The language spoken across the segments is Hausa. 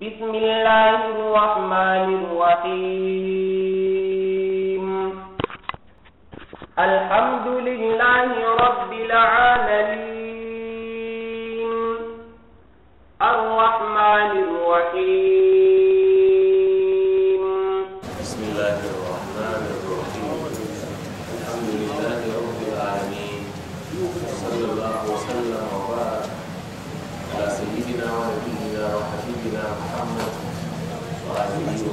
بسم الله الرحمن الرحيم الحمد لله رب العالمين الرحمن الرحيم والسلام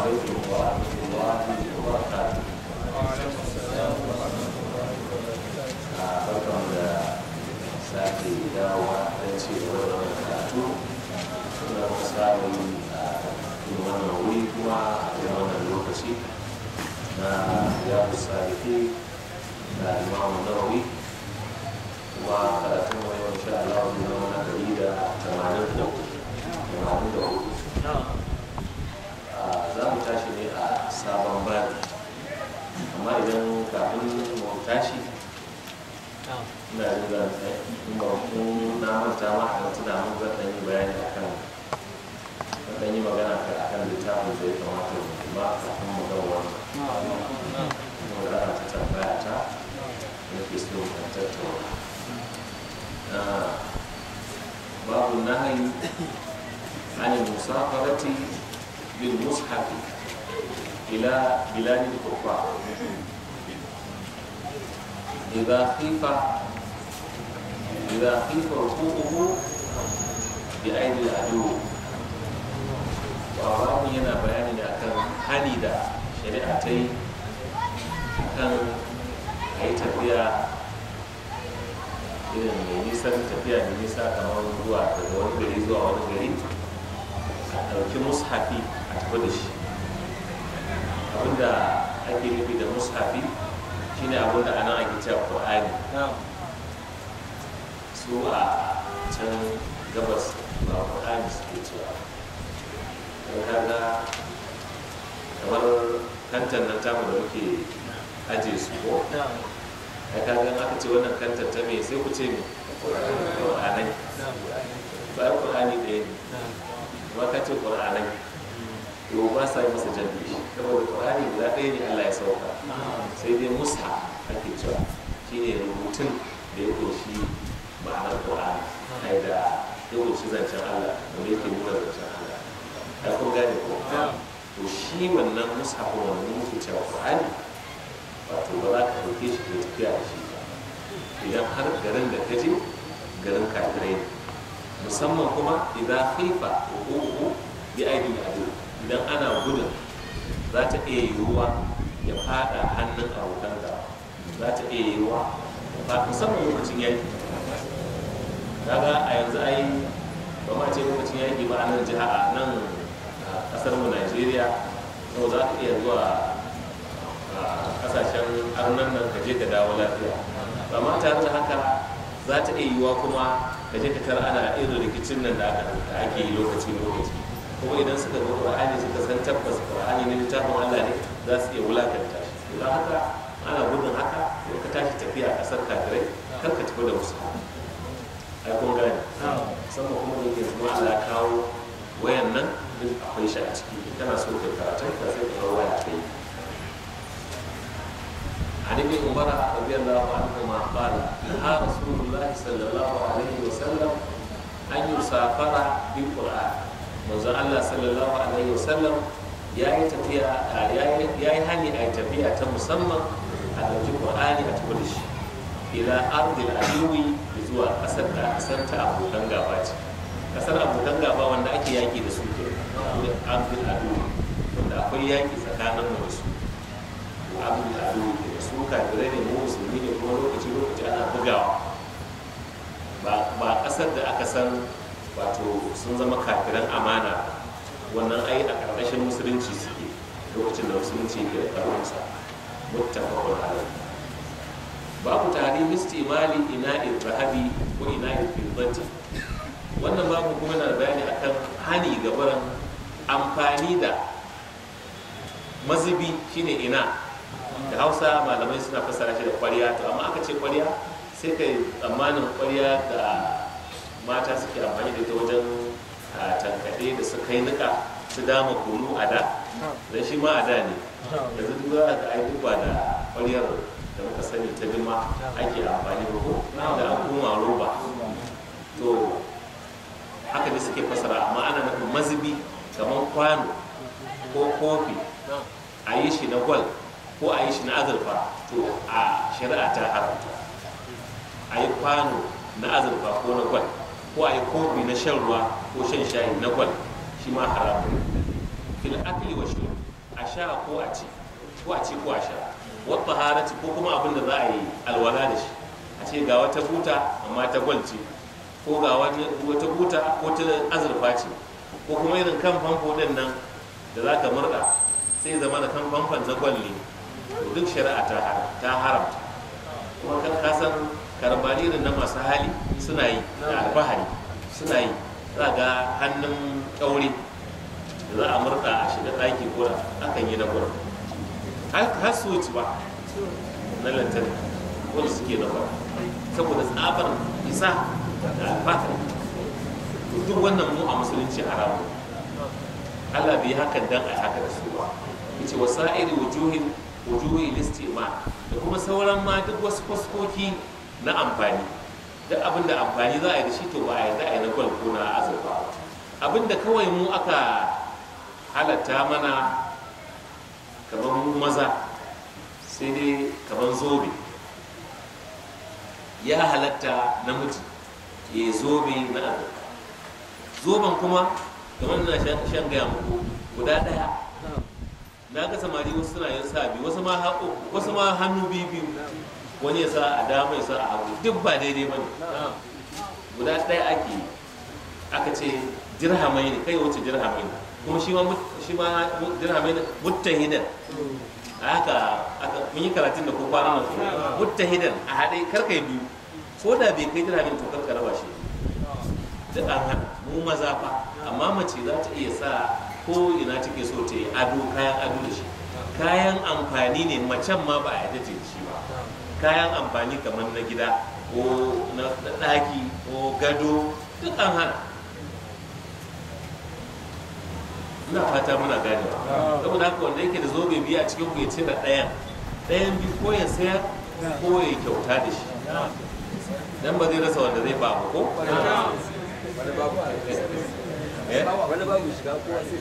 عليكم ورحمة الله وبركاته. وعليكم السلام ورحمة الله وبركاته. بركم da sake dawowa da cewar karatu suna misalin yin wannan wuri kuma a wannan lokaci na ya misali da imamu nawawi kuma karatun wani insha Allah wani da tamanin da tamanin da hudu za mu tashi ne a sabon babi amma idan kafin mu tashi ina jin za in ba kun na manta a mun zan yi bayani akan zan yi magana akan littafin da ya kamata mu ba kafin mu ga wannan mu za a ta tambaya ta da ke so tattauna باب النهي عن المسافرة بالمصحف إلى بلاد الكفار إذا خيف إذا خيف ركوبه بأيدي العدو وأرام ينا بيان كان حديدا شريعتي كان أي irin mai nisan tafiya da nisa kamar zuwa daga wani gari zuwa wani gari a ɗauki mushafi a tafi da shi abinda ake nufi da mushafi shine abinda a nan ake cewa ƙwa'ani su a can gabas ba ƙwa'ani suke cewa don kaga kamar kantan na tamu da muke ajiye su ko a kagan aka ce wannan kantar ta me sai ku ce me ƙur'anai ba ƙur'ani ɗaya ne ba ka ce ƙur'anai to ba sa yi masa jami'i saboda ƙur'ani guda ɗaya ne Allah ya sauka sai dai musa ake cewa shi ne rubutun da ya ƙunshi ma'anar ƙur'ani ai da ya ƙunshi zancen Allah wanda yake nuna zancen Allah ai kun gane ko to shi wannan musa ko wannan mutuncewa ƙur'ani wato ba za ka ɗauke shi kai tafiya da shi idan har garin da ka je garin kafirai musamman kuma idan haifa ko ko bi aidin adu idan ana gudun za ta iya yiwuwa ya fada hannun abokan gaba za ta iya yiwuwa ba musamman lokacin yaki kaga a yanzu ai ba ma ce lokacin yaki ba a nan jiha a nan kasar mu Najeriya yau za ka iya zuwa kasashen arnan nan ka je ka dawo lafiya ba ma tare da haka za ta iya yiwuwa kuma ka je ka tara ana irin rikicin nan da ake yi lokaci lokaci kuma idan suka zo qur'ani suka san tabbas qur'ani ne littafin Allah ne za su iya wulakanta shi don haka ana gudun haka ko ka tashi tafiya a ƙasar kafirai kar ka tafi da musu ai kun gane musamman kuma da yake zuwa Allah kawo wayan nan duk akwai shi a ciki kana so ka karatu ka sai ka waya yi عن ابن عمر رضي الله عنهما قال نهى رسول الله صلى الله عليه وسلم أن يسافر بالقرآن manzo Allah sallallahu alaihi wasallam ya yi tafiya ya yi hani a tafiya ta musamman a ɗauki Qur'ani a tafi shi ila ardil aduwi zuwa ƙasar da ƙasar ta abokan gaba ce ƙasar wanda ake yaƙi da su ke ardil aduwi wanda akwai yaƙi tsakanin da su ardil da kafirai ne mu musulmi ne kuma lokaci lokaci ana bugawa ba kasar da aka san wato sun zama kafiran amana wannan ai a ƙarƙashin musulunci suke lokacin da musulunci ke da ƙarfinsa muttafaqun alaihi babu tarihin istimali ina irhabi ko ina irfidati wannan babu kuma na bayani akan hani gaban amfani da mazubi shine ina da hausa malamai suna fassara shi da kwariya to amma aka ce kwariya sai ka yi tsammanin kwariya da mata suke amfani da ta wajen tankaɗe da su kai nika su dama kunu a da don shi ma a da ne yanzu duk za aiki ba da kwariyar da muka sani ta dima ake amfani da da an kuma roba to haka ne suke fasara amma ana nufin mazubi kamar kwano ko kofi a yi shi na gwal ko a yi shi na azurfa to a shari'a ta haramta a yi kwano na azurfa ko na gwal ko a yi kofi na shan ruwa ko shan shayi na gwal shi ma haramta fil akli wa a sha ko a ci ko a ci ko a sha wa taharati ko kuma abin da za a yi alwala da shi a ce ga wata buta amma ta gwal ce ko ga wata buta ko ta azurfa ce ko kuma irin kan famfo din nan da za ka murɗa sai zama da kan famfon zagwal ne duk shari'a ta ta haramta kuma kan kasan karbani na masu hali suna yi da alfahari suna yi za ga hannun ƙauri da za a murka a shiga ɗaki ko akan yi na kura. har su wuce ba na lantarki wanda suke na gurin saboda tsabar isa da alfahari duk wannan mu a musulunci haramu Allah bai hakan dan a haka da su ba yace wasa'iri wujuhin wujuhi ma. da kuma sauran ma duk wasu fuskoki na amfani duk abin da amfani za a yi da shi to ba a yarda a yi na gwal ko na azurfa abin da kawai mu aka halatta mana kamar mu maza sai dai kamar zobe ya halatta namiji ya zobe na azurfa zoben kuma kamar na shan gaya muku guda ɗaya na ga samari wasu suna yin sabi wasu ma haƙo wasu ma hannu biyu wani ya sa a dama ya sa a hagu duk ba daidai ba ne guda ɗaya ake aka ce jirhamai ne kai wuce jirhamai ne kuma shi ma jirhamai ne dirhamai ne muttahidan a haka aka mun yi karatun da ko kwana nan muttahidan a haɗe karkai biyu ko da bai kai dirhamin to karka raba shi da an mu maza fa amma mace za ta iya sa ko ina take so ta yi ado kayan ado da shi kayan amfani ne macen ma ba a yi ta shi ba kayan amfani kamar na gida ko na ɗaki ko gado duk an hana ina fata muna gane saboda haka wanda yake da zobe biyu a cikin ku ya da ɗayan ɗayan bi ko ya sayar ko ya kyauta da shi dan ba zai rasa wanda zai ba ko Eh? wani babu shiga kowa sai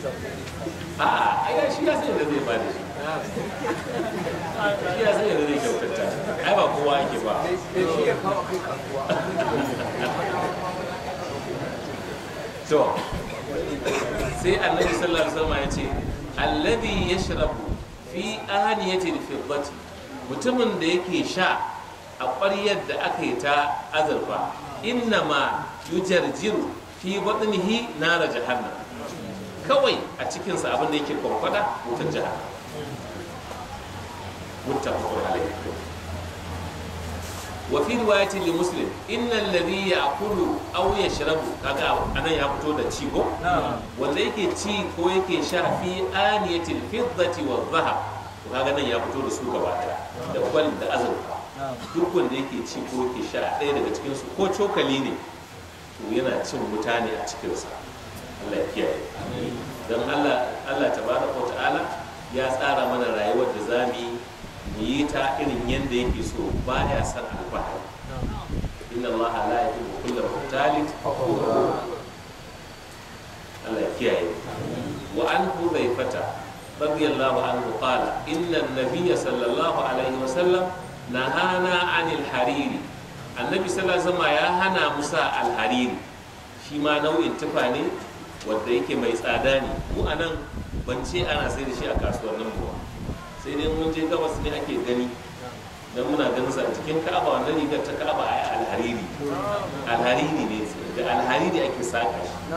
a shi ya sanya da zai ba da shi shi ya sanya da zai kyautata ai ba kowa yake ba shi ya kawo kai kasuwa to sai annabi sallallahu alaihi wasallam ya ce alladhi yashrabu fi aniyati al mutumin da yake sha a ƙwaryar da aka yi ta azurfa inna ma yujarjiru fi na da jahannam kawai a cikinsa abin da yake kwankwada wutar jahannam muttafaqun alayhi wa fi riwayati li muslim inna alladhi ya'kulu aw yashrabu kaga anan ya fito da ci ko wanda yake ci ko yake sha fi aniyatil fiddati wa dhahab kaga nan ya fito da su gaba da kwal da azurfa duk wanda yake ci ko yake sha ɗaya daga cikin su ko cokali ne yana cin mutane a cikinsa Allah ya kiyaye don Allah Allah tabaraka wa ta'ala ya tsara mana rayuwar da za mu yi ta irin yadda yake so ba ya san alfahari inna Allah la yuhibbu kulla muhtalin Allah ya kiyaye wa an fata, radiyallahu anhu qala inna an-nabiyya sallallahu alaihi wa sallam nahana 'anil hariri annabi sallallahu ya hana musa alhariri shi ma nau'in tufa ne wanda yake mai tsada ne mu anan nan ban ce ana sai da shi a nan ba sai dai mun je gabas ne ake gani dan muna ganin sa cikin ka'aba wannan rigar ta ka'aba ai alhariri alhariri ne da alhariri ake saka shi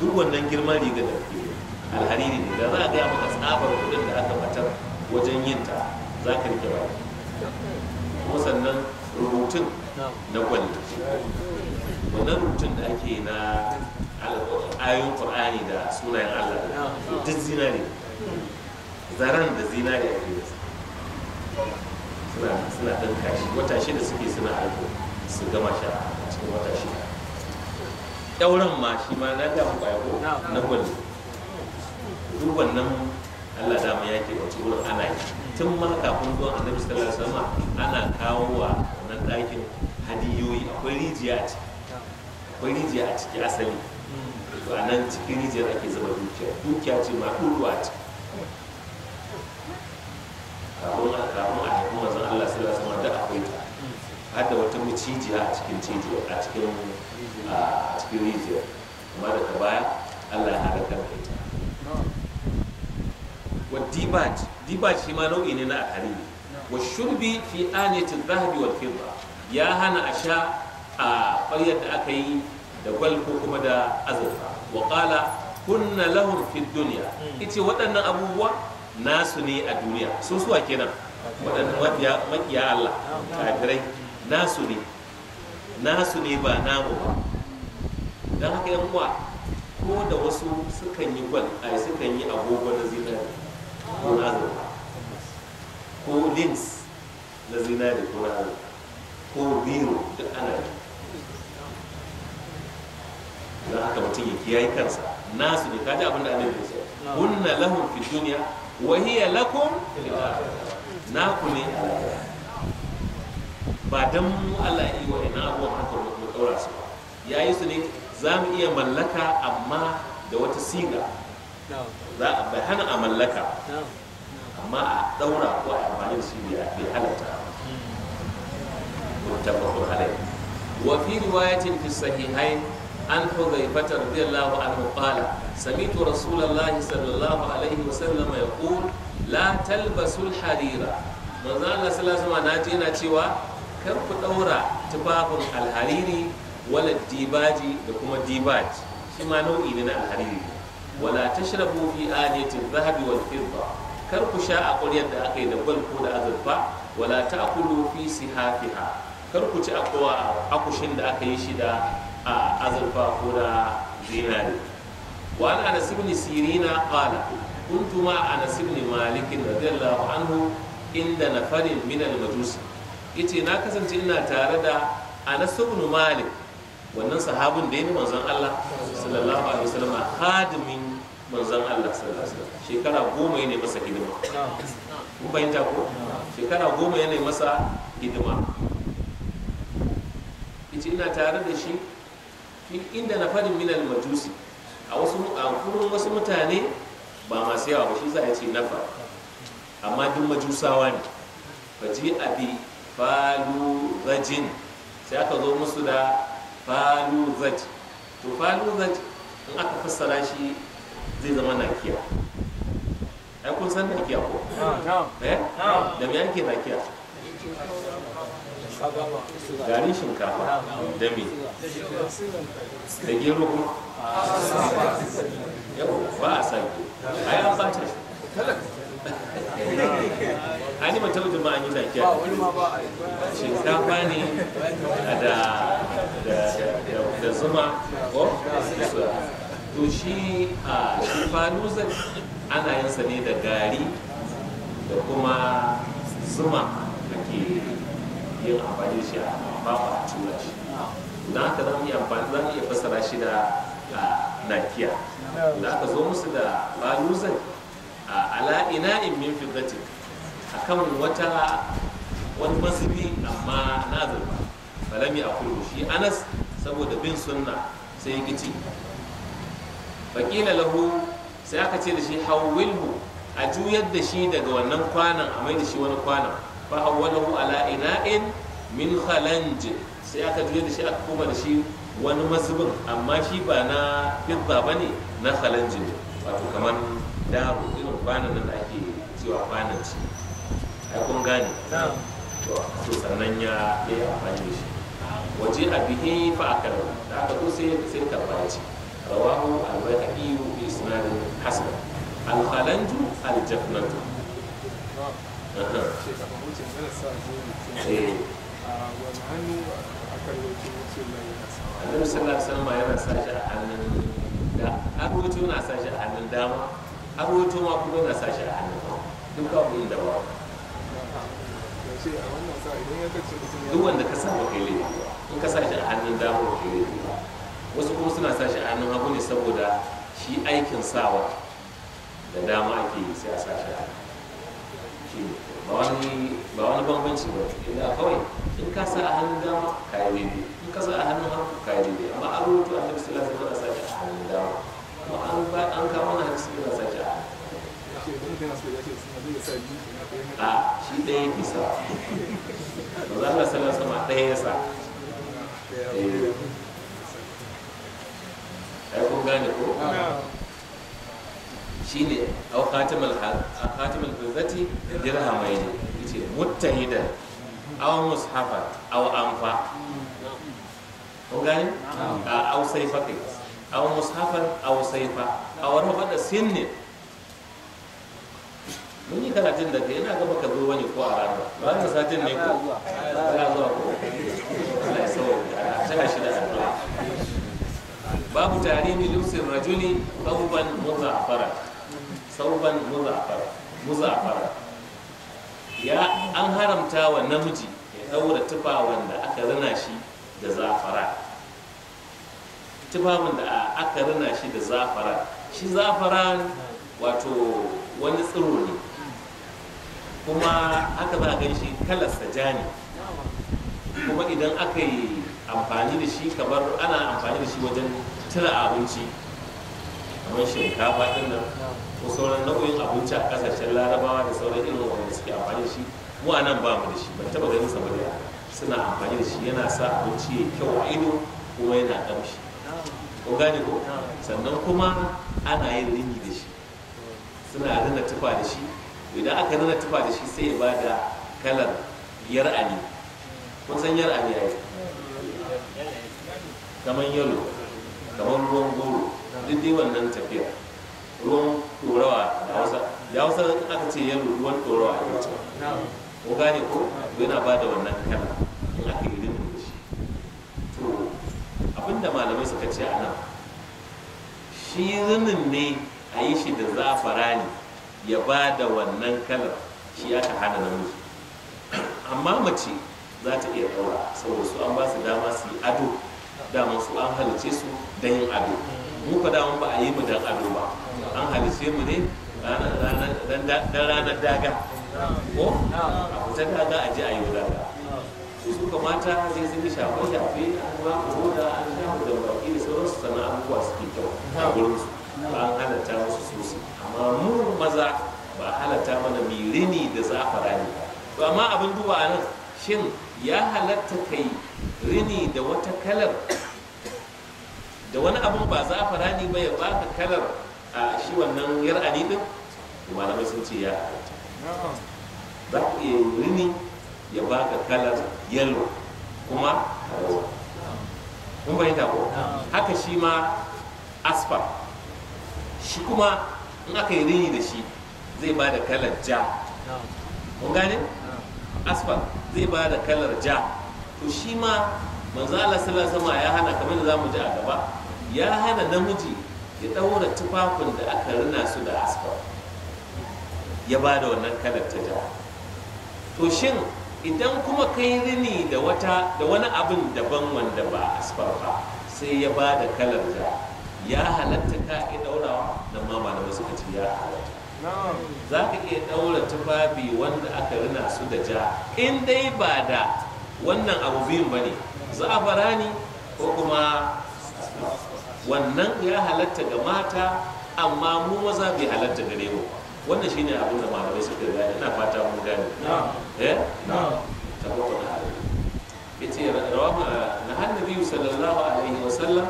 duk wannan girman riga da kake alhariri ne da za a gaya maka tsabar kudin da aka batar wajen yin ta za ka rike ba kuma sannan rubutun na gwanda wannan rubutun da ake na ayoyin qur'ani da sunayen allah duk zinari zaren da zinari a ke suna suna ɗan kashi wata shida suke suna alko su gama sha a cikin wata shida ɗauran ma shi ma na damu ƙwayo na gwanda duk wannan allah dama ya ke wace wurin ana yi tun ma kafin zuwa annabi sallallahu alaihi wasallam ana kawo wa ɗakin hadiyoyi akwai rijiya a ciki akwai rijiya a ciki asali to a nan cikin rijiyar ake zama dukiya dukiya ce ma a ciki kafin a kafin a haifin mazan Allah sallallahu alaihi da akwai ta har da wata mucijiya a cikin cijiya a cikin a cikin rijiyar amma daga baya Allah ya halaka da ita wa dibat dibat shi ma nau'i ne na alhariri wa shurbi fi zahabi wal ya hana a sha a ƙwaryar da aka yi da gwal ko kuma da azurfa Wakala, qala kunna lahum duniya. dunya yace waɗannan abubuwa nasu ne a duniya su suwa kenan waɗannan makiya Allah kafirai nasu ne nasu ne ba namu ba don haka yan ko da wasu sukan yi gwal ai sukan yi agogo na zinari ko na azurfa ko lins na zinari ko na hannu ko biro da ana yi don haka mutum ya kiyaye kansa nasu ne kaji abin da annabi ya kunna lahum fi dunya wa hiya lakum na ku ne ba dan mu Allah ya yi wa ina abubuwan haka mu daura su ya yi su ne za mu iya mallaka amma da wata siga za a hana a mallaka amma a daura ko a amfani da su bai halatta muttafaqun alayh wa fi riwayatin fi sahihain عن حذيفة رضي الله عنه قال سمعت رسول الله صلى الله عليه وسلم يقول لا تلبسوا الحرير manzo Allah sallallahu alaihi wasallam yana cewa kar ku daura tufafin alhariri wala dibaji da kuma dibaj shi ma nau'i ne na alhariri wala tashrabu fi aniyatil dhahabi wal fidda kar ku sha a ƙuryar da aka yi da gwal ko da azurfa wala ta akulu fi sihafiha kar ku ci akushin da aka yi shi da azurfa ko da zinari wa an anas ibn sirina qala kuntu ma anas ibn malik radiyallahu anhu inda nafarin min al-majusi yace na kasance ina tare da ana ibn malik wannan sahabin da ya manzon Allah sallallahu alaihi wasallam hadimin manzan Allah sallallahu alaihi wasallam shekara goma yana masa hidima kun fahimta ko shekara goma yana masa hidima yace ina tare da shi inda na fadin minal majusi a wasu a wasu mutane ba masu yawa ba shi za a ce nafa amma duk majusawa ne faji abi falu rajin sai aka zo musu da falu zaji to falu zaji in aka fassara shi zai zama nakiya ai kun san nakiya ko ah, eh da me ake nakiya garin shinkafa da me da gero ko ba a san ai an bata an yi mata wajen ma'anyi da kyau shinkafa ne da zuma ko da to shi a shifanuzan ana yin sa ne da gari da kuma zuma da ke yin amfani shi a bafa a tura shi don haka zan yi amfani zan iya fasara shi da nakiya da aka zo musu da baluzan ala in min a kan wata wani masubi amma na zurba balami a kurbu shi anas saboda bin sunna sai ya gici faƙila lahu sai aka ce da shi hawwilhu a juyar da shi daga wannan kwanan a mai da shi wani kwanan fa hawwalahu ala ina'in min khalanj sai aka juyar da shi aka koma da shi wani masubin amma shi ba na fidda ba ne na khalanj wato kamar daro irin kwanan nan da ake cewa kwanan ci ai kun gane to sannan ya yi amfani da shi waje a bihe fa a da aka to sai tabbaci. rawahu al-bayhaqi bi isnad hasan al-khalanju al-jafnatu annabi sallallahu alaihi wasallam yana sa a hannun da na sa a hannun dama an ma kuma na sa hannun duk babu inda ba duk wanda in ka hannun dama wasu kuma suna sa shi a hannun hagu ne saboda shi aikin sawa da dama ake yi sai a sa shi a shi ba wani ba wani bambanci ba inda kawai in ka sa a hannun dama ka yi daidai in ka sa a hannun hagu ka yi daidai amma an rubuta a hadisi la sai sa shi a hannun dama amma an ba an kawo na hadisi la sa shi a hannun a shi ɗaya bisa ba za ka sallar sama ɗaya ya sa gane ko shi ah. ne shine au khatimul khatimul fizati dirhamaini yace muttahidan aw mushafa aw anfa ko gane ah. Ah, aw saifa kai aw mushafan a wani aw rabada sinni mun yi karatun da ke yana gaba ka zo wani ko a ranar ba ta satin ne ko ana zuwa ko babu tarimi lusin rajuli sauban muzafara sauban muzafara muzafara ya an haramta wa namiji ya daura tufa wanda aka rina shi da zafara tufa da aka rina shi da zafara shi zafara wato wani tsiro ne kuma aka za gan shi kalar saja ne kuma idan aka yi amfani da shi kamar ana amfani da shi wajen cire abinci kamar shinkafa ɗin nan ko sauran nau'in abinci a kasashen larabawa da sauran irin wanda suke amfani da shi mu a nan ba mu da shi ban taɓa ganin sa ba suna amfani da shi yana sa abinci ya kyau a ido kuma yana ƙamshi ko gane ko sannan kuma ana yin rini da shi suna rina tufa da shi idan aka rina tufa da shi sai ya ba da kalar yar ani kun san yar ani ai kamar yalo kamar ruwan goro duk dai wannan tafiya ruwan ɗorawa da hausa da aka ce yaro ruwan ɗorawa a yanci ko gane ko yana ba da wannan kala in aka yi da shi to abinda malamai suka ce a nan shi rinin ne a yi shi da ne ya ba da wannan kalar shi aka hana namiji amma mace za ta iya ɗaura saboda su an ba su dama su yi ado Da masu an halice su don yin ado mu ka daman ba a yi mu don ado ba an halice mu ne dan ranar daga ko a fita daga a ji a yi daga su suka mata zai zai shafe shafe fi ba ku da an shafu da baki da su sana abubuwa ke kyau a gurin su ba an halatta musu sosai amma mu maza ba halatta mana mirini da zafara ne ba amma abin duba nan shin ya halatta kai rini da wata kalar da wani abun ba za fara ni ba ya baka kalar a shi wannan yar anidin malamai sun ce ya za ku iya rini ya baka kalar yalo kuma kun fahimta ko haka shi ma asfa shi kuma in aka yi rini da shi zai ba da kalar ja kun gane asfa zai ba da kalar ja to shi ma manzo Allah sallallahu alaihi ya hana kamar da zamu ji a gaba ya hana namiji ya daura tufafin da aka rina su da asfar ya ba da wannan kalar ta ja to shin idan kuma kai rini da wata da wani abin daban wanda ba asfar ba sai ya ba da kalar ja ya halatta ka iya daurawa da ma malamai suka ci ya halatta za ka iya daura tufafi wanda aka rina su da ja in dai ba da wannan abu biyun ba ne za'afarani ko kuma wannan ya halatta ga mata amma mu maza bai halatta gare mu wannan shine abin da malamai suka gane ina fata mun gane eh na tabbata da hali wa sallam, na karatu hannabi sallallahu ba. wasallam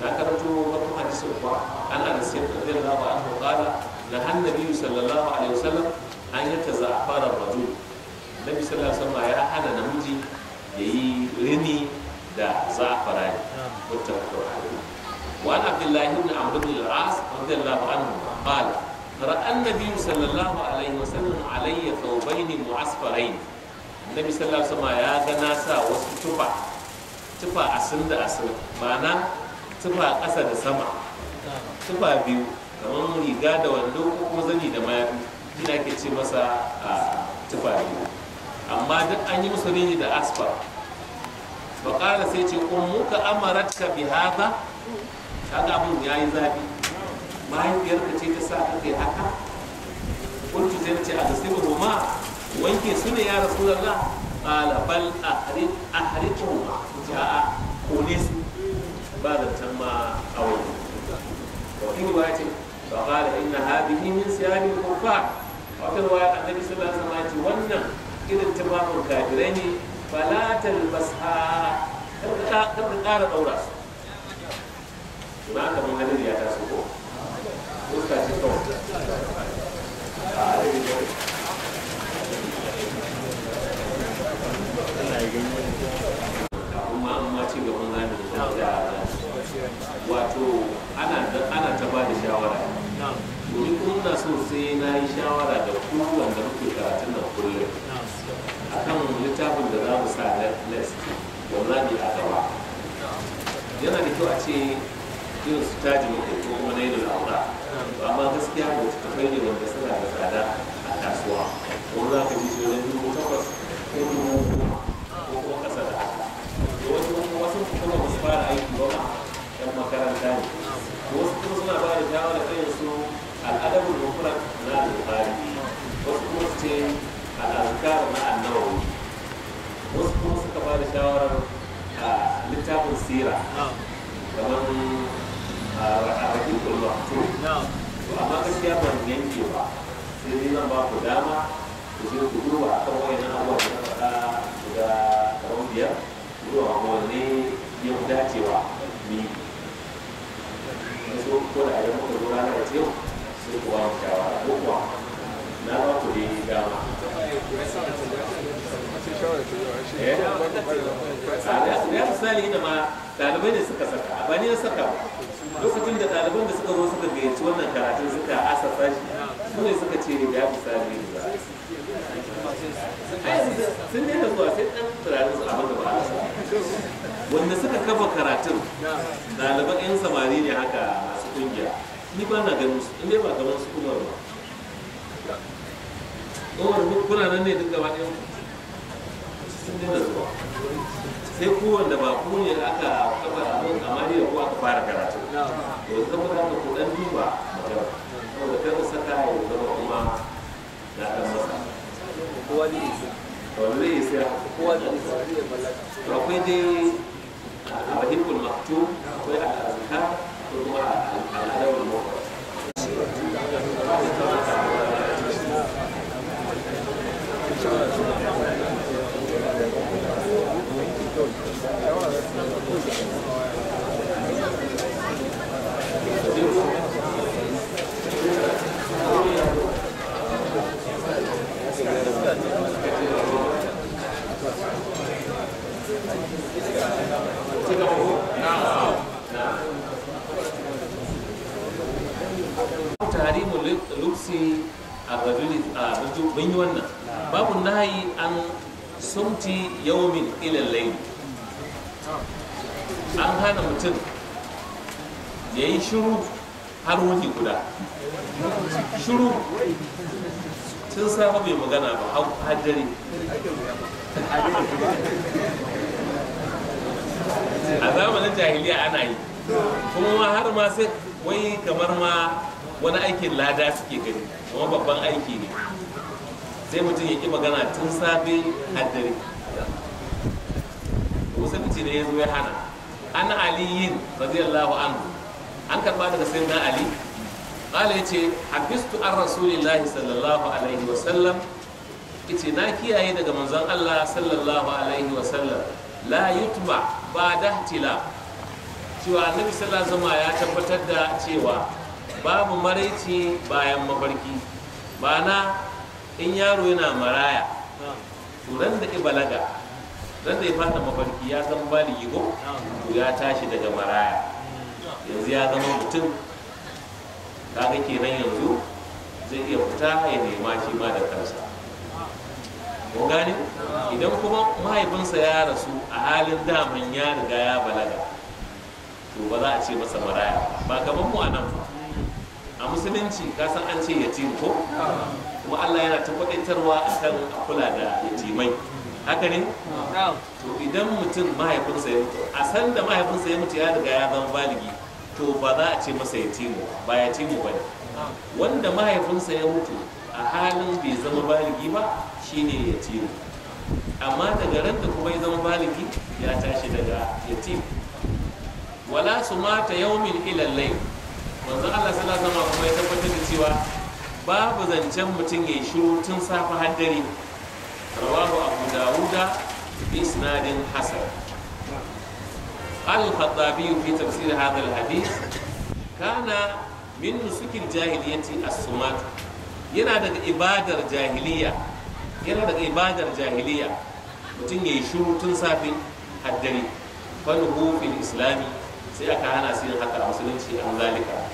da karanto da hadisin kuwa an anas radiyallahu anhu qala na hannabi sallallahu alaihi sallam an yataza'fara rajul nabi sallallahu alaihi wasallam ya hana namiji ya yi rini da zafarani muttafaqun alaihi wa an abdullah ibn amr ibn al-as radiyallahu anhu qala ra'a an-nabiy sallallahu alaihi wasallam alayya thawbayn mu'asfarayn nabi sallallahu alaihi wasallam ya ga na sa wasu tufa tufa asin da asin ma'ana tufa ƙasa da sama tufa biyu kamar riga da wando ko kuma zani da mayafi ina ke ce masa a ah, tufa biyu amma duk an yi musu rini da asfa faƙala sai ce amarar amaratka bi haza kaga abin ya yi zafi mahaifiyarta ce ta sa ka kai haka kuntu sai ce a gasibu ma wanke su ne ya rasu da ƙala bal a harikin a kone su ba can ma a wani wakil ba ce ba ƙala inna hadihi min siyarin kufa wakil ruwa annabi sallallahu alaihi wasallam ce wannan irin tufafin kafirai ne ba talbasha kar ka ƙara ɗaura su na ka mun hadin ya taso ko fuska ce kawai wato ana ta ba da shawara domin kuma na so sai na yi shawara da kowanne mutum a kan littafin da za mu sa list da zaɓi a gaba yana da kyau a ce yin su taji mai ko kuma na yi da amma gaskiya ba ta kai ne wanda suna da tsada a kasuwa wani za ka ji shi wani dubu takwas ko dubu goma ko kuma ƙasa da haka wasu wasu kuma ba su fara aiki ba ma ‘yan makaranta ne wasu kuma suna ba da dawo da kayan su al'adabin mufrad na al wasu kuma su ce al'azkar na annawawi wasu kuma suka ba da shawarar littafin sira kamar rakin kulma to amma gaskiya ban yanke ba sai dai zan ba ku dama ku je ku duba a kan wayannan abubuwa da faɗa guda kamar biyar zuwa ya fi dacewa ni so ko da idan muka yau sai kuwa shawara ko kuwa na ba dama ya misali hina ma ɗalibai ne suka saka ba ni na saka lokacin da ɗaliban da suka zo suka gayyaci wannan karatun suka asasa shi su ne suka ce ya misali ne ba sun daina zuwa sai ɗan turarin su abin da ba wanda suka kafa karatun ɗaliban 'yan samari ne haka masu ƙungiya ni ba na ganin su in dai ba gaban su kuma ba umar kuna nan ne duk gaba ɗaya sai kowanne ba ku ne aka kafa abin amari da ko aka fara karatu to saboda haka ku dan duba magana kai ku saka ya zama kuma da ɗan masa kowa ne isa kowa ne isa kowa ne isa to akwai dai a wahibul maktum akwai al'azka ko kuma al'adar mu'min Tahari mulut lusi, abdul, abdul, binyuan lah. babu nahi an sumti yawmin ilal layl an hana mutum ya yi shiru har wuni guda shiru tun safa bai magana ba har dare a zamanin jahiliya ana yi kuma ma har ma sai wai kamar ma wani aikin lada suke gani kuma babban aiki ne sai mutum ya ƙi magana tun safe har dare musulunci ne ya zo ya hana an aliyin radiyallahu anhu an karba daga na ali ya ce, habistu an rasulillahi sallallahu alaihi wa sallam Ita na kiyaye daga manzon Allah sallallahu alaihi wa sallam la yutba ba tila cewa annabi sallallahu alaihi ya tabbatar da cewa babu maraici bayan mafarki ba na in yaro yana maraya to ran da balaga ran da ya fata mafarki ya zama baligi ko ya tashi daga maraya yanzu ya zama mutum kaga kenan yanzu zai iya fita ya nema shi ma da kansa kun idan kuma mahaifinsa ya rasu a halin daman ya riga ya balaga to ba za a ce masa maraya ba gaban mu a nan a musulunci ka san an ce yatim ko kuma Allah yana ta kwadaitarwa akan kula da yatimai haka ne to idan mutum mahaifinsa ya mutu a san da mahaifinsa ya mutu ya riga ya zama baligi to ba za a ce masa yatimu ba yatimu ba ne wanda mahaifinsa ya mutu a halin bai zama baligi ba shine yatimu amma daga ran da kuma ya zama baligi ya tashi daga yatim wala su mata yaumin ilallai manzon Allah sallallahu alaihi wasallam kuma ya tabbatar da cewa babu zancen mutum ya shiru tun safa har dare rawahu abu dawuda bi isnadin hasan al-khattabi fi tafsir hadha al-hadith kana min nusukin jahiliyyati as-sumat yana daga ibadar jahiliya yana daga ibadar jahiliya mutum ya yi shuru tun safe har dare fanhu fil islami sai aka hana su yin haka a musulunci an zalika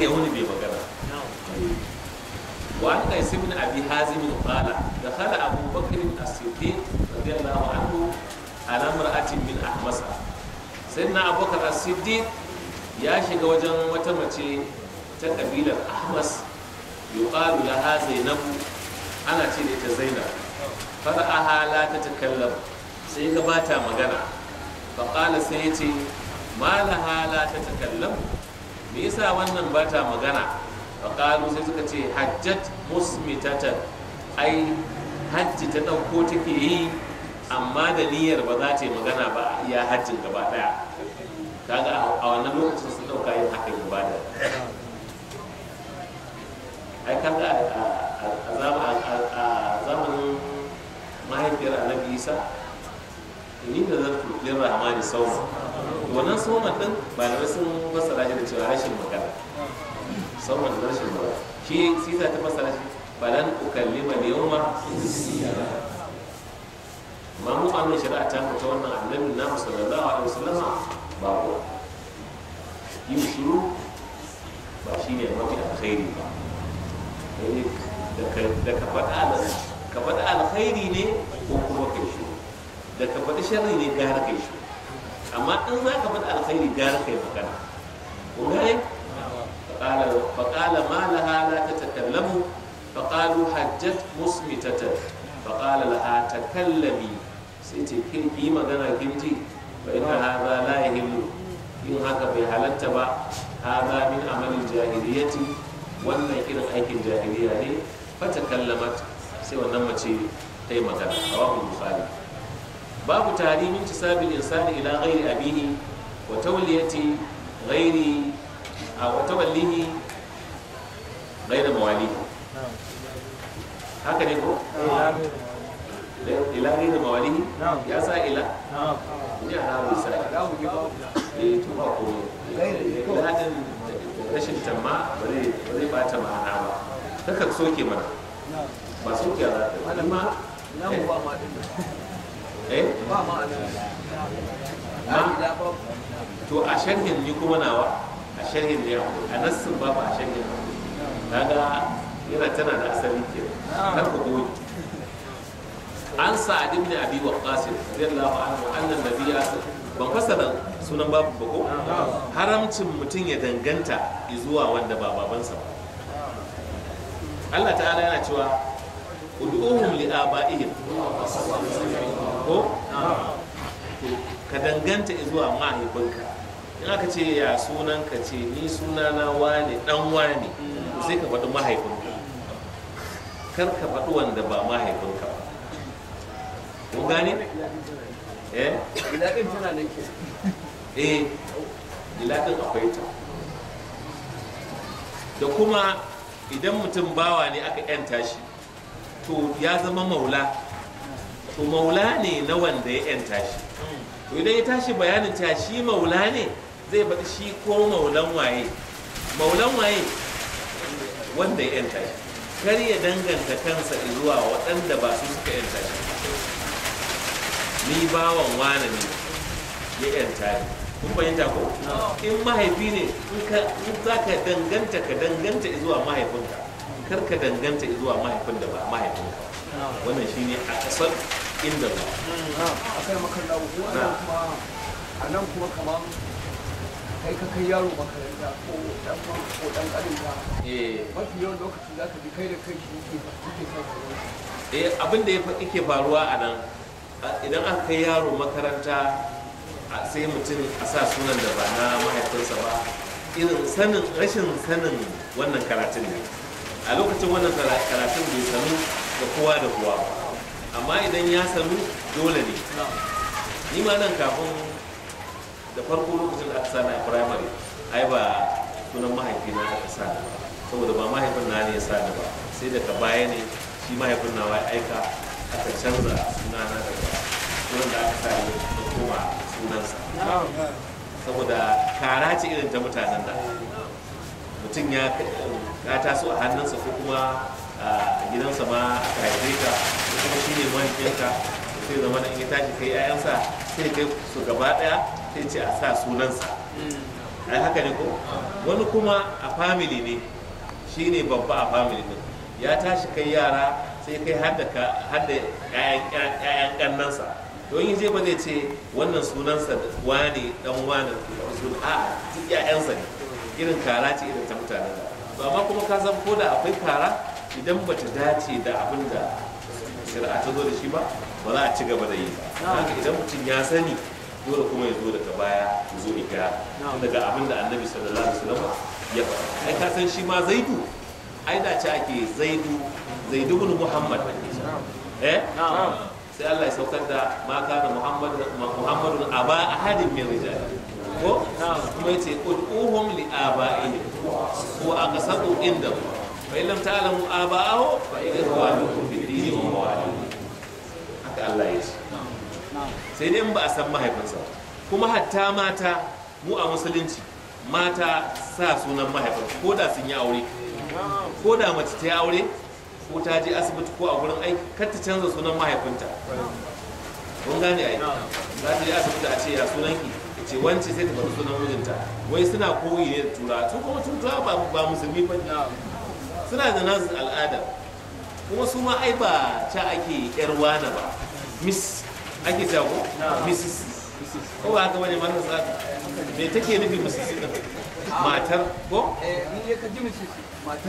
kar wani bai magana wa an Fala da abi hazim da dakhala abu bakr as-siddiq radiyallahu anhu ala mar'atin min ahmasa abubakar as ya shiga wajen wata mace ta kabilar ahmas yuqalu laha zainab ana ce da ta zainab ahala ta takallam sai ga bata magana qala sai ya ce ma laha la takallam me yasa wannan ba ta magana ƙalu sai suka ce hajjat musmitatan ai hajji ta ɗauko take yi amma da niyyar ba za ta yi magana ba iya hajjin gaba ɗaya kaga a wannan lokacin sun ɗauka yin haka da ai kaga a zamanin mahaifiyar annabi isa ni da zan rahama da sauma wannan sauma ba da wasu masara shi da cewa rashin magana sauma da rashin magana shi sisa ta masara shi ba da ne ma Ba mu mai shari'a ta fita wannan annabi na sallallahu alaihi wasallam ba ku yi shiru ba shi ne mafi alkhairi ba eh, da ka faɗa alkhairi ne ko kuma kai shiru da ka faɗi sharri ne gara kai shi amma in za ka faɗi alkhairi gara kai magana kun gane faƙala ma laha la ta takallamu faƙalu hajjat musmitatan faƙala laha takallami sai ce kin ki magana kin ji fa inna hadha la yahillu in haka bai halatta ba hadha min amalin jahiliyyati wannan irin aikin jahiliya ne fa takallamat sai wannan mace ta yi magana rawahu bukhari babu tahrimin tisabil insani ila ghairi abihi wa tawliyati ghairi wa tawallihi ghairi mawalihi haka ne ko ila ghairi mawali ya sa ila ya rawu sa ya eh, to ba ko ladan rashin tamma ba zai bata ma'ana ba kakan soke mana ba soke ba ma nan ba ma din Eh? Ah. to a shahin ni kuma nawa a shahin ne a nassin ba a sharhin kaga yana tana da asali ke ah. kar ku goyi an sa'ad ibn abi waqqas radiyallahu anhu annan su ban nan sunan babu ba ah. haramcin mutum ya danganta zuwa wanda ba babansa ba Allah ta'ala yana cewa ud'uhum li aba'ihim ko ka danganta zuwa mahaifinka in aka ce ya sunan ka ce ni sunana wane dan wane sai ka faɗi mahaifinka kar ka faɗi wanda ba mahaifinka ba ko gane eh gilaɗin tana nan ke eh gilaɗin akwai ta da kuma idan mutum bawa ne aka yanta shi to ya zama maula to maula ne na wanda ya yanta shi to idan ya tashi bayanin ta shi maula ne zai faɗi shi ko maulan waye maulan waye wanda ya yanta shi kar ya danganta kansa zuwa waɗanda ba su suka yanta shi ni bawan wane ne ya yanta ni kun fahimta ko in mahaifi ne in za ka danganta ka danganta zuwa mahaifinka kar ka danganta zuwa mahaifin da ba mahaifinka wannan shi ne a kasar inda ba a kai makarna ko a nan kuma kamar kai ka kai yaro makaranta ko dan ko dan karinka eh. mafi yawan lokaci za ka bi kai da kai shi ke ke sa eh abin da yake faruwa a nan idan aka kai yaro makaranta sai mutum a sa sunan da ba na mahaifinsa ba irin sanin rashin sanin wannan karatun ne a lokacin wannan karatun bai sanu ga kowa da kowa amma idan ya sanu dole ne ni ma nan kafin da farko lokacin da aka sa na primary ai ba sunan mahaifina aka sa saboda ba mahaifin na ne ya sa ba sai daga baya ne shi mahaifin na ya aika aka canza sunana daga sunan da aka sa ne da koma sunansa saboda kara ce irin ta mutanen da mutum ya ya taso a hannunsa ko kuma a gidansa ma a karfe ka ko kuma shi ne mahaifinka sai zama in ya tashi kai yayansa sai kai su gaba daya sai ce a sa sunansa mm. ai haka ne ko wani kuma a family ne shi ne babba a family ne, ya tashi kai yara sai kai hada yayan kannansa to in je ba zai ce wannan sunansa wani dan wani a duk yayansa ne irin kara ce irin ta mutane ba amma kuma ka san ko da akwai kara idan ba ta dace da abin da shari'a ta zo da shi ba ba za a ci gaba da yi ba idan mutum ya sani dole kuma ya zo daga baya ya zo iga daga abin da annabi sallallahu alaihi wasallam ya faɗa ai ka san shi ma zaidu ai da ce ake zaidu zaidu bin muhammad ake eh sai Allah ya saukar da ma da muhammadun muhammadun aba ahadin min rijalihi ko kuma yace ud'uhum li aba'ihim ko a aqsatu indahum fa illam ta'lamu aba'ahu fa ikhwanukum fid din wa mawalikum haka Allah ya ce sai dai ba a san mahaifinsa kuma hatta mata mu a musulunci mata sa sunan mahaifin ko da sun yi aure ko da mace ta yi aure ko ta je asibiti ko a gurin aiki kar ta canza sunan mahaifinta kun gane ai za ta je asibiti a ce ya sunan ki ce wance sai ta faɗi sunan mijinta wai suna koyi ne da tura su kuma tura ba ba musulmi ba suna da nasu al'ada kuma su ma ai ba ta ake yar wana ba miss ake ta ko mrs ko ba haka bane mallan sa me take nufi mrs din matar ko eh,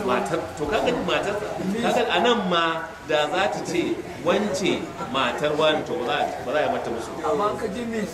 matar to kaga matar kaga anan ma da za ta ce wance matar wani to ba za a yi mata musu amma ka ji miss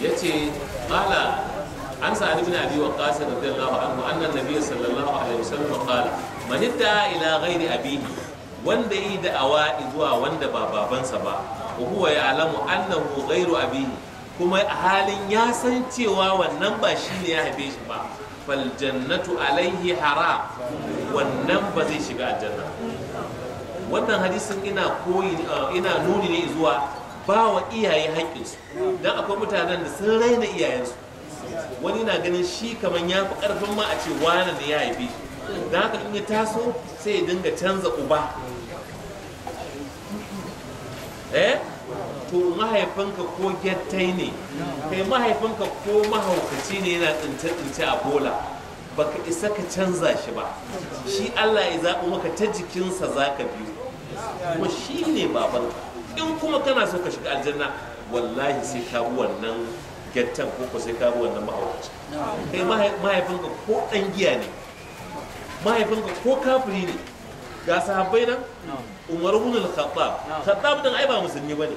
ya ce Mala, an sa'ad ibn abi waqqas radiyallahu anhu anna nabiy sallallahu alaihi wasallam qala man idda ila ghairi abihi wanda yi da'awa zuwa wanda ba babansa ba huwa ya'lamu annahu ghairu abihi kuma a halin ya san cewa wannan ba shine ya haife shi ba fal jannatu alaihi haram wannan ba zai shiga aljanna wannan hadisin ina koyi ina nuni ne zuwa ba wa iyaye haƙƙinsu don akwai mutanen da sun raina iyayensu wani na ganin shi kamar ya fi ƙarfin ma a ce wani da ya haifi don haka in ya taso sai ya dinga canza uba eh to mahaifinka ko gyattai ne kai mahaifinka ko mahaukaci ne yana tsince-tsince a bola Ba ka isa ka canza shi ba shi allah ya zaɓi maka ta jikinsa za ka biyu kuma shi ne babanka in kuma kana so ka shiga aljanna wallahi sai ka bi wannan gettan ko sai ka bi wannan ma'aurata kai mahaifinka ko dan giya ne mahaifinka ko kafiri ne ga sahabbai nan umar ibn al-khattab khattab dan ai ba musulmi bane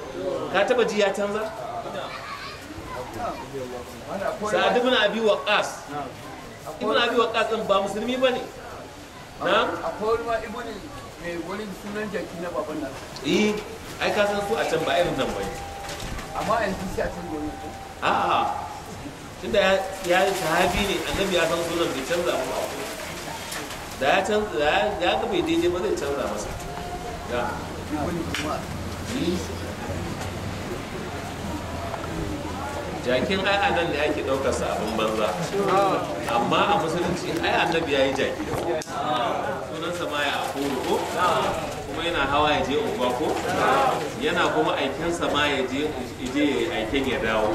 ka taba ji ya canza sa'ad ibn abi waqas ibn abi waqas din ba musulmi bane na akwai wani ibn mai wani sunan jaki na baban nan ai ka san su a can ba irin nan bane amma yanzu sai a can gobe ko a'a tunda ya yi sahabi ne annabi ya san sunan bai canza ba ba da ya canza ya ga bai daidai ba zai canza masa da jakin ai a nan ne ake ɗaukar sa abin banza amma a musulunci ai annabi ya yi jaki sunansa ma ya akuru ko yana hawa ya je unguwa ko yana kuma aikensa ma ya je ya yi aiken ya dawo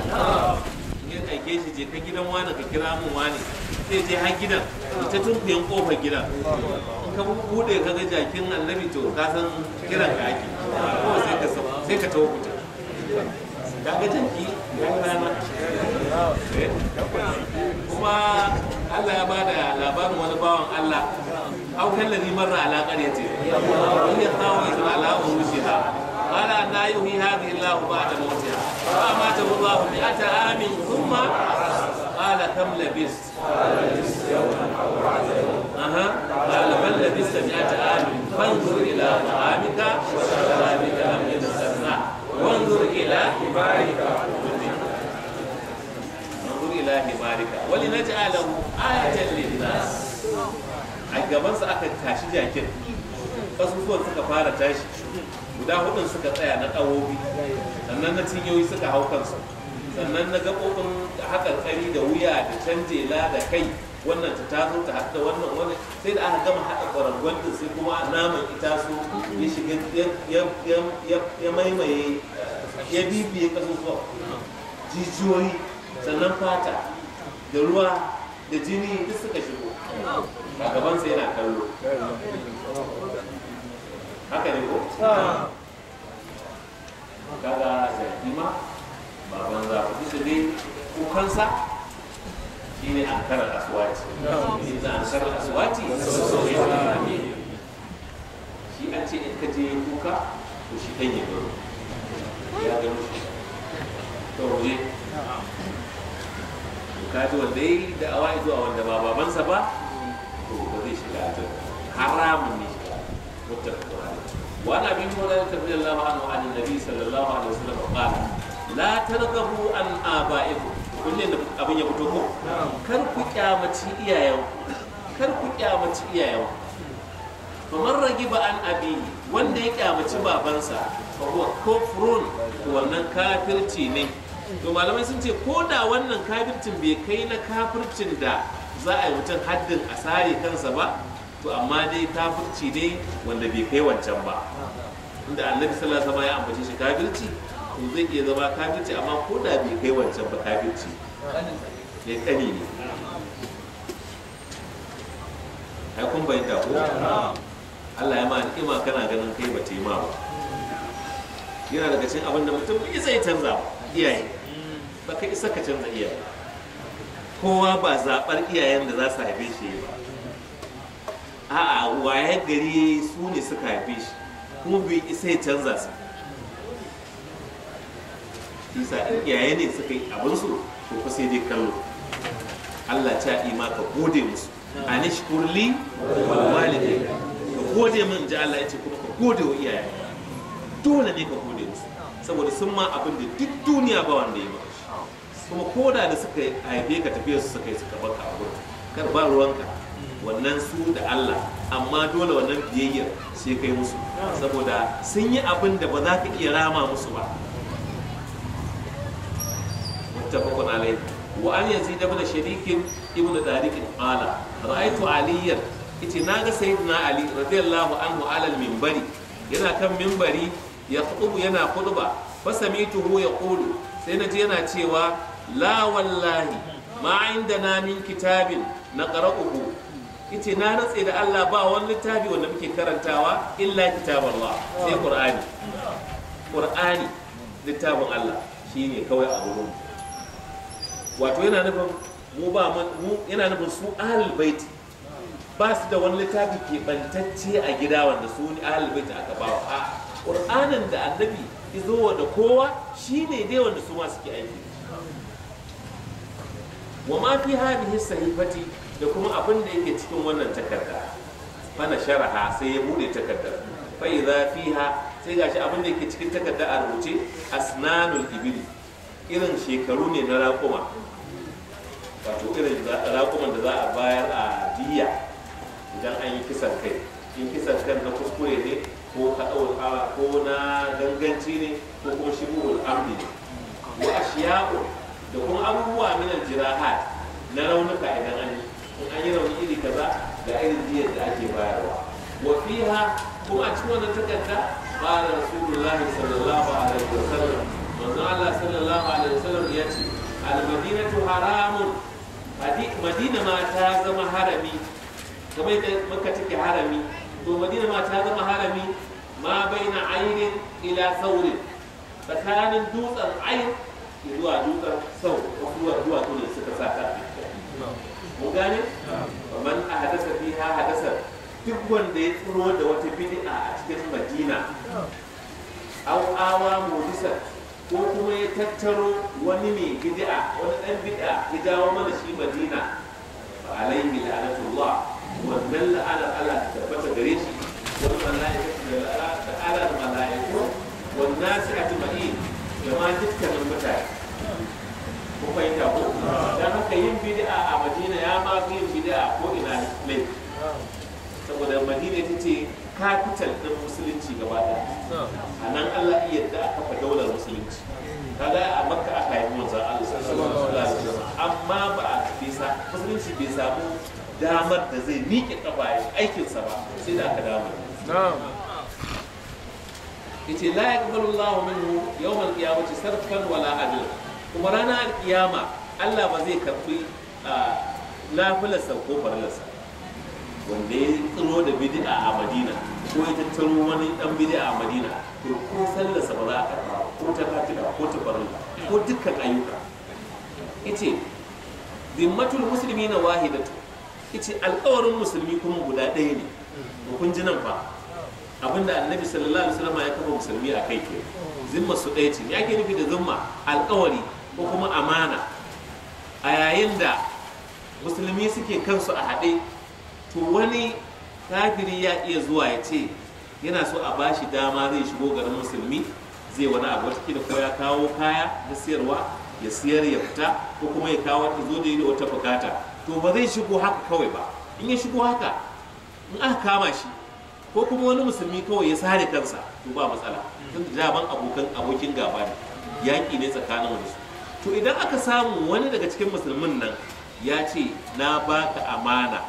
in aike shi je ka gidan wani ka kira mu wani sai je har gidan ta tunkuyen kofar gidan in ka bude ka ga jakin annabi to ka san kiran ka ake ko sai ka sai ka tawo kuta ka ga jinki ya rana eh? kuma Allah ya bada labarin wani bawan Allah أو كالذي مر على قرية وهي خاوية على عروشها قال أن يحيي هذه الله بعد موتها فأماته الله مئة عام ثم قال كم لبثت؟ قال لبثت يوما أو بعض يوم أها قال بل لبثت مئة عام فانظر إلى طعامك وشرابك لم يتسنى وانظر إلى حمارك انظر إلى حمارك ولنجعله آية للناس a gaban su aka tashi jakin ƙasusuwan suka fara tashi guda hudun suka tsaya na ƙawobi sannan na cinyoyi suka hau kansu sannan na gaɓoɓin ƙari da wuya da canjela da kai wannan ta tazo ta haɗa wannan wannan sai da aka gama haɗa ƙwararrun din sai kuma naman ita so ya shiga ya maimaye eh, ya bibiye ƙasusuwa jijiyoyi sannan fata da ruwa da jini duk suka shigo a gabansa yana kallo haka ne ko kaga zargi ma ba banza ba duk da kukansa shine an kara aswati shi za an kara aswati shi an ce in ka je kuka to shi ɗan yi baro ya gano shi to waje ka ji wanda ya yi da da'awa zuwa wanda ba babansa ba Haram haramun ne muttafaqun وعن ابي هريره رضي الله عنه عن النبي صلى الله عليه وسلم قال لا ترغبوا عن ابائكم kullum da abin ya fito ko kar ku kyamaci iyayen kar ku kyamaci iyayen kamar ragi ba an abi wanda ya kyamaci babansa ko huwa kufrun wannan kafirci ne to malamai sun ce ko da wannan kafircin bai kai na kafircin da za a yi mutum haddin sare kansa ba to amma dai kafirci ne wanda bai kai wancan ba inda annabi sallallahu alaihi ya ambace shi kafirci to zai iya zama kafirci amma ko da bai kai wancan ba kafirci ne kani ne ai kun bayyana ko Allah ya ma ni'ima kana ganin kai ba ta yi ma ba yana daga cikin abin da mutum bai zai canza iyaye ba kai isa ka canza iyaye kowa ba zaɓar iyayen da za su haife shi ba a'a waye gari su ne suka haife shi kuma bai isa ya canza su isa iyaye ne suka yi su? Ko ku sai dai kallo Allah ta yi ma ka gode musu anish kurli wal walidi ka gode min ji Allah ya ce kuma ka gode wa iyaye dole ne ka gode musu saboda sun ma abin da duk duniya ba wanda ya ba kuma koda da suka haife ka tafiya su suka yi suka baka a kar ba ruwanka wannan su da Allah amma dole wannan biyayyar sai kai musu saboda sun yi abin da ba za ka iya rama musu ba muttafaqun alai wa an yazid ibn sharikin ibn ra'aitu aliyar ra'aytu aliyan na ga sayyidina ali radiyallahu anhu alal minbari yana kan minbari ya khutubu yana khutba fa samituhu yaqulu sai na naji yana cewa la wallahi ma indana min kitabin naqra'uhu yace na ratse da Allah ba wani littafi wanda muke karantawa illa kitabun Allah, sai qur'ani qur'ani littafin Allah shine kawai a wurin wato yana nufin mu ba mu yana nufin su ahlul bait ba su da wani littafi ke bantacce a gida wanda su ne ahlul bait aka ba wa. qur'anin da annabi izo da kowa shine dai wanda su ma suke aiki wa ma fi hadhihi sahifati da kuma abin da yake cikin wannan takarda fana sharaha sai ya bude takardar fa idza fiha sai gashi abin da yake cikin takarda a rubuce asnanul ibili irin shekaru ne na raƙuma wato irin raƙuman da za a bayar a diya idan an yi kisan kai in kisan kan na kuskure ne ko ko na ganganci ne ko kuma shibuhul amdi ne wa ashiya'u da kuma abubuwa minan jirahat na raunuka idan an yi in an yi rauni iri kaza ga irin diyar da ake bayarwa wa fiha kuma a cikin wannan takarda qala rasulullahi sallallahu alaihi wasallam manzo Allah sallallahu alaihi wasallam ya ce al-madinatu haramun madina ma ta zama harami kamar da muka take harami to madina ma ta zama harami ma baina ainin ila saurin tsakanin dutsen ain zuwa dutsen sau wasu zuwa duwatsu ne suka sa ta mu gane man a hadasa fi ha hadasa duk wanda ya tsoro da wata bid'a a cikin madina aw awa mudisa ko kuma ya tattaro wani mai bid'a wani dan bid'a ya dawo mana shi madina fa alaihi la'natullah wannan la'anar Allah ta tabbata gare shi wal ta da la'anar malaiku wan nasi ajma'in da ma dukkanin mutane ko fahimta ko don haka yin bid'a a madina ya ma fi yin bid'a ko ina laifi saboda madina ta ce capital ɗin musulunci gaba ɗaya a nan allah iya da aka fa daular musulunci kaga a makka aka yi manzon allah amma ba a musulunci bai samu damar da zai miƙe ƙafa aikinsa ba sai da aka damu yace la yaqbalu Allahu minhu yawm al-qiyamati sarfan wala adla kuma ranar alkiyama Allah ba zai karbi sa ko farlarsa wanda ya tsiro da bidi'a a Madina ko ya tattaro wani dan bidi'a a Madina to ko sallarsa ba za a karɓa ko ta fatila ko ta farilla ko dukkan ayyuka yace zimmatul muslimina wahidatu yace alƙawarin musulmi kuma guda ɗaya ne ba kun ji nan fa abinda annabi sallallahu alaihi wasallam ya kafa musulmi a kai ke zimma su ɗaya ce ya ke nufi da zimma alƙawari ko kuma amana a yayin da musulmi suke kansu a haɗe to wani kafiri ya iya zuwa ya ce yana so a bashi dama zai shigo garin musulmi zai wani abu wata ko ya kawo kaya na siyarwa ya siyar ya fita ko kuma ya kawo ta zo da yi wata bukata to ba zai shigo haka kawai ba in ya shigo haka in aka kama shi ko kuma wani musulmi kawai ya sare kansa to ba matsala tun da daman abokan abokin gaba ne yaƙi ne tsakanin wani to idan aka samu wani daga cikin musulmin nan ya ce na ba ka amana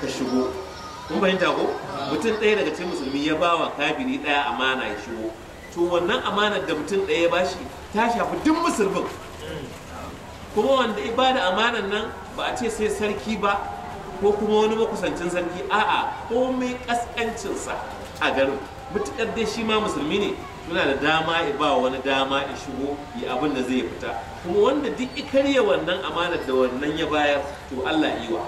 ka shigo kun fahimta ko mutum ɗaya daga cikin musulmi ya ba wa kabiri ɗaya amana ya shigo to wannan amanar da mutum ɗaya ya bashi ta shafi duk musulmin kuma wanda ya ba da amanar nan ba a ce sai sarki ba ko kuma wani makusancin sarki a'a ko mai ƙasƙancinsa a garin mutukar dai shi ma musulmi ne suna da dama ya ba wani dama ya shigo ya abin da zai fita kuma wanda duk ikariya wannan amanar da wannan ya bayar to Allah iwa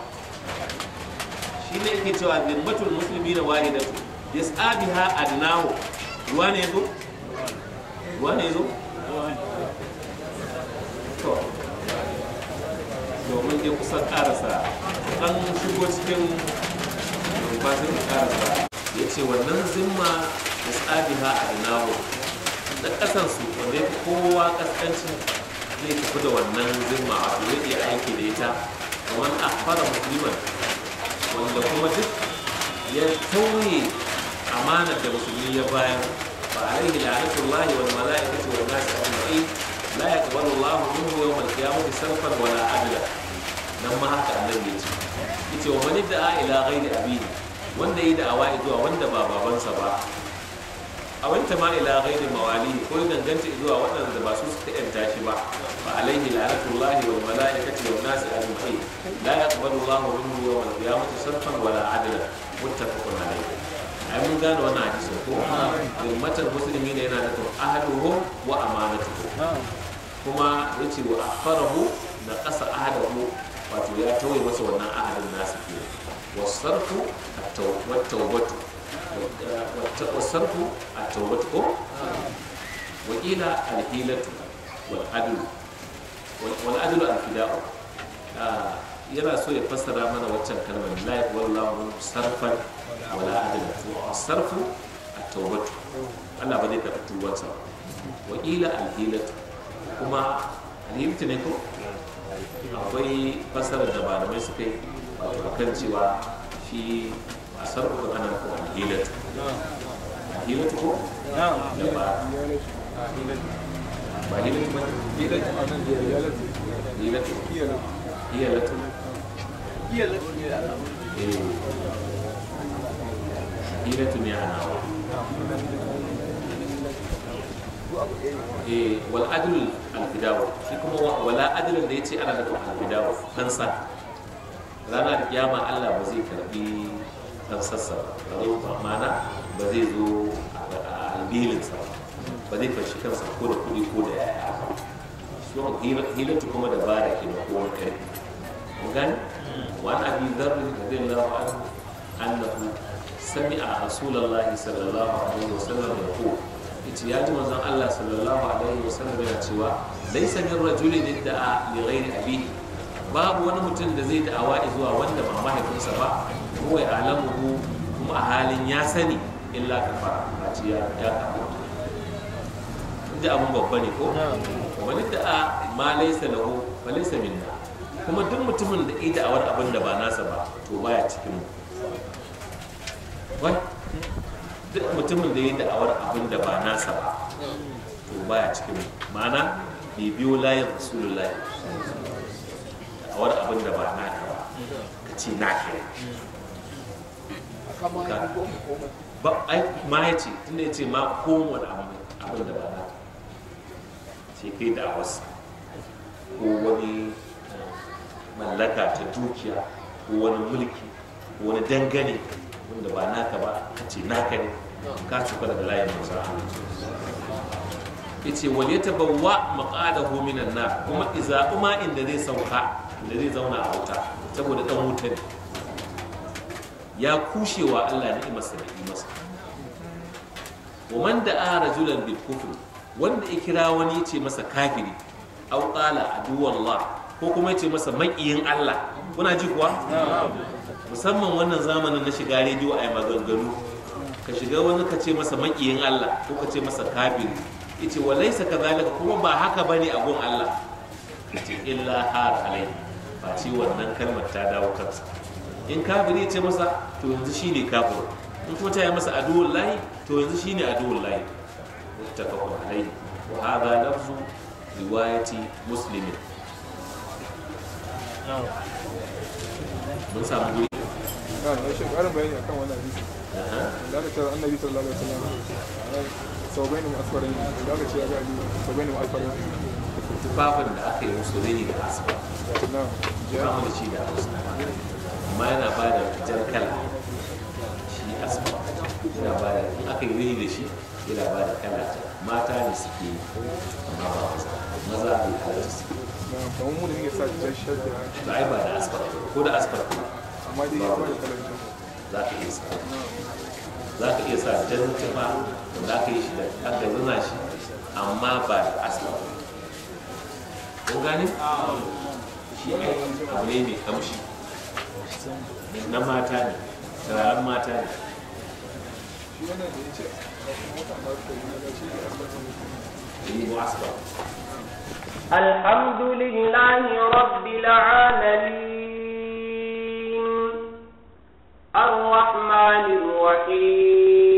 shi ne yake cewa zimmatul musulmi na wahidatu yas'a biha adnahu ruwa ne zo? ruwa ne zo? to domin dai kusan karasa an shigo cikin fasin karasa ya ce wannan zimma ya ha biha adnahu da kasansu wanda ya fi kowa kaskancin zai tafi da wannan zimma a zai iya aiki da ita kamar fara musulman wanda kuma duk ya tauye amanar da musulmi ya bayar ba alaihi la'anatullahi wal mala'ikati wal nasi mai la yaqbalu Allahu minhu yawm al-qiyamati sarfar wala adla nan ma haka annabi ya ce Ita wa man da'a ila ghairi abini wanda yi da'awa zuwa wanda ba babansa ba a ma ila ghairi mawali ko danganta zuwa waɗanda ba su suka yanta shi ba fa alaihi la'anatullahi wal malaikati wan nasi ajma'in la yaqbalu Allahu minhu yawm al-qiyamati sarfan wala adla muttafaqun alayhi ai mun gane wannan hadisi ko musulmi ne yana da ahluhu wa amanatuhu kuma yace wa afarahu na qasa ahluhu wato ya tawaye masa wannan ahadin nasu ke wasarfu at-tawbatu a والصرف التوبة وقيل الحيلة والعدل والعدل الفداء yana so ya fassara mana waccan kalmar la wallahu sarfan wala adala to sarfu a tawbatu Allah ba zai karɓi tubarsa wa ila alhilatu kuma al-hilatu ne ko akwai fassarar da malamai suka yi wato kan cewa shi asarku da ana ko alhilatu alhilatu ko na'am da ba ba hilatu ba hilatu anan hilatu hilatu hilatu hilatu eh. eh, wal adl al fidawa shi kuma wala adl da yace ana da al fidawa dan rana da kiyama Allah ba zai karbi dan sassa ba zai kuma amana ba zai zo a sa ba zai fashi kansa ko da kuɗi ko da yaya ba su ta kuma da bara ke da kowane ƙarfi mun gane wa an abi zarri radiyallahu anhu annahu a rasulullahi sallallahu alaihi wasallam yaqul ita ya ji manzon Allah sallallahu alaihi wasallam yana cewa laysa min rajuli da'a li ghairi abihi babu wani mutum da zai da'awa zuwa wanda ba mahaifinsa ba huwa ya'lamuhu kuma a halin ya sani illa kafara a ci ya ya kafa da abun babba ne ko wani da a ma lahu minna kuma duk mutumin da ita awar abin da ba nasa ba to baya cikin wai duk mutumin da ya da'awar abin da ba nasa ba to baya cikin ma'ana biyo layin rasulullah abin da ba naka ba ka ce ba ai ma ya ce tunda ya ce ma kowane abin da ba na ce kai da wasu ko wani eh, mallaka ta dukiya ko wani mulki ko wani dangane wanda ba naka ba ka ce naka ne ka cuka daga layin musa ya ce wal ya tabawa maƙadahu minan na kuma iza ma inda zai sauka da zai zauna a wuta saboda ɗan wuta ne ya kushewa Allah ni'imarsa da imarsa wa man a rajulan bil kufr wanda ya kira wani ya ce masa kafiri aw qala aduwallah ko kuma ya ce masa maƙiyin Allah kuna ji kuwa musamman wannan zamanin na shiga rediyo a maganganu ka shiga wani ka ce masa maƙiyin Allah ko ka ce masa kafiri yace walaysa zalika kuma ba haka ne a gun Allah illa har alai ba ce wannan kalmar ta dawo kansa in kafiri ya ce masa to yanzu shine kafir in kuma ta yi masa aduwul layi to yanzu shine aduwul lahi muttafaqun alayhi wa hadha lafzu riwayati muslimin mun samu guri ya shi ƙarin bayani akan wannan hadisi da cewa annabi sallallahu alaihi wasallam sau bai ne mu asfarin da aka cewa ga biyu sau bai ne mu asfarin tufafin da aka yi musu rini da asfa ba mu da shi da asfa amma yana ba da jar kala shi asma yana ba da aka yi rihi da shi yana ba da kala mata ne suke amma ba maza maza ne halarci su da ai ba da asfar ko da asfar ko amma dai ya ba da za ka iya sa za ka iya sa jan tufa za ka yi shi da aka zana shi amma ba da asfar kun gane ah. shi ne abu ne mai kamshi na mata ne turaren mata ne الحمد لله رب العالمين الرحمن الرحيم